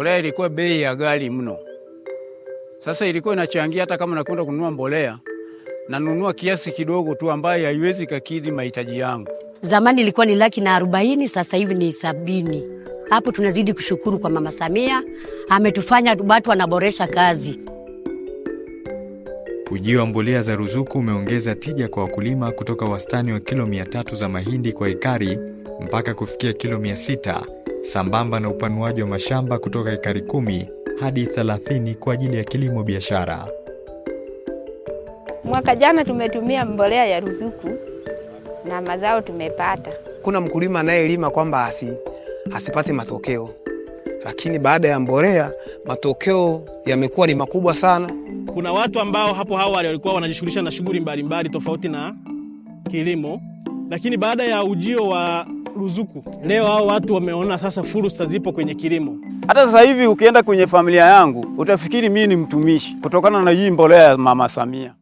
Mbolea ilikuwa bei ya ghali mno. Sasa ilikuwa inachangia hata kama nakwenda kununua mbolea, nanunua kiasi kidogo tu ambaye haiwezi kakidhi mahitaji yangu. Zamani ilikuwa ni laki na arobaini, sasa hivi ni sabini. Hapo tunazidi kushukuru kwa Mama Samia, ametufanya watu wanaboresha kazi. Ujio wa mbolea za ruzuku umeongeza tija kwa wakulima kutoka wastani wa kilo mia tatu za mahindi kwa ekari mpaka kufikia kilo mia sita sambamba na upanuaji wa mashamba kutoka ekari kumi hadi 30 kwa ajili ya kilimo biashara. Mwaka jana tumetumia mbolea ya ruzuku na mazao tumepata. Kuna mkulima anayelima kwamba asi, hasipate matokeo, lakini baada ya mbolea matokeo yamekuwa ni makubwa sana. Kuna watu ambao hapo awali walikuwa wanajishughulisha na shughuli mbalimbali tofauti na kilimo, lakini baada ya ujio wa ruzuku. Leo hao watu wameona sasa fursa zipo kwenye kilimo. Hata sasa hivi ukienda kwenye familia yangu utafikiri mimi ni mtumishi kutokana na hii mbolea ya Mama Samia.